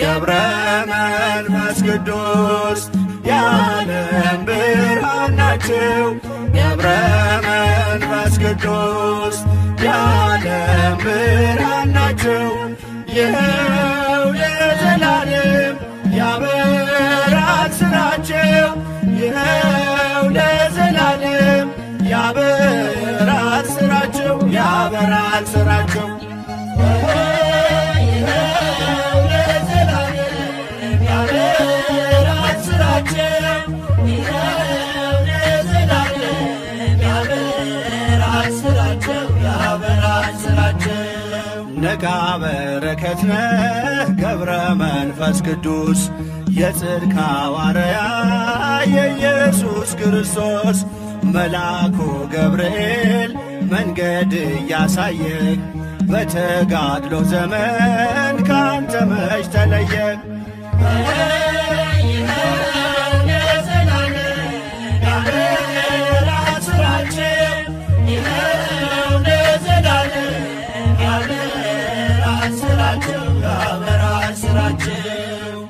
ገብረ መንፈስ ቅዱስ የዓለም ብርሃን ናቸው። ገብረ መንፈስ ቅዱስ የዓለም ብርሃን ናቸው። ይኸው ለዘላለም ያበራል ስራቸው። ይኸው ለዘላለም ያበራል ስራቸው። ያበራል ስራ ነጋ በረከት ነህ ገብረ መንፈስ ቅዱስ የጽድቅ ሐዋርያ የኢየሱስ ክርስቶስ መልአኩ ገብርኤል መንገድ እያሳየህ በተጋድሎ ዘመን ከአንተ መች ተለየህ።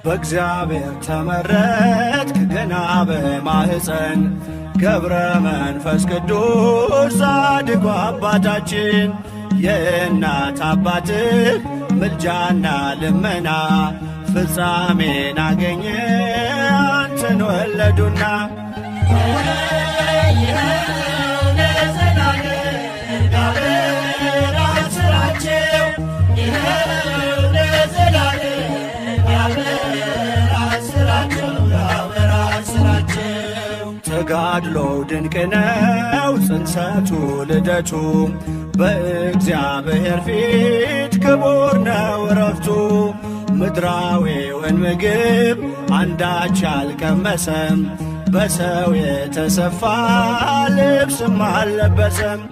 በእግዚአብሔር ተመረጥክ ገና በማኅፀን ገብረ መንፈስ ቅዱስ ጻድቁ አባታችን የእናት አባትህ ምልጃና ልመና ፍጻሜን አገኘ አንተን ወለዱና ተጋድሎው ድንቅ ነው ጽንሰቱ ልደቱ በእግዚአብሔር ፊት ክቡር ነው ረፍቱ። ምድራዊውን ምግብ አንዳች አልቀመሰም፣ በሰው የተሰፋ ልብስም አልለበሰም።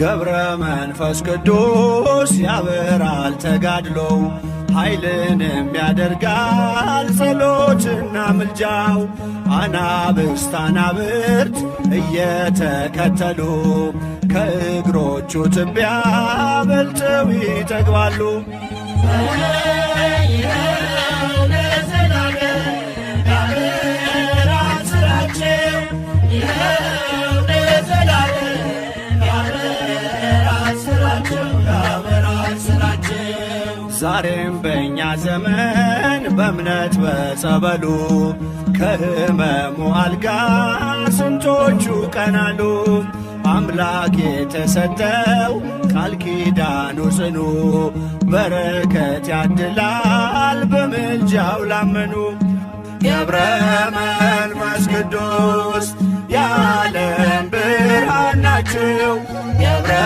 ገብረ መንፈስ ቅዱስ ያበራል ተጋድሎው ኃይልንም ያደርጋል ጸሎትና ምልጃው አናብስት አናብርት እየተከተሉ ከእግሮቹ ትቢያ በልጠው ይጠግባሉ። ዛሬም በእኛ ዘመን በእምነት በጸበሉ ከህመሙ አልጋ ስንቶቹ ቀናሉ። አምላክ የተሰጠው ቃል ኪዳኑ ጽኑ በረከት ያድላል በምልጃው ላመኑ ገብረ መንፈስ ቅዱስ የዓለም ብርሃን ናችው ገብረ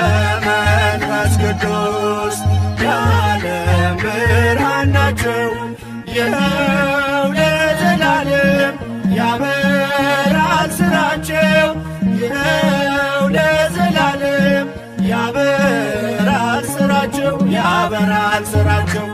ይኸው ለዘላለም ያበራል ስራቸው ይኸው ለዘላለም ያበራል ስራቸው ያበራል ስራቸው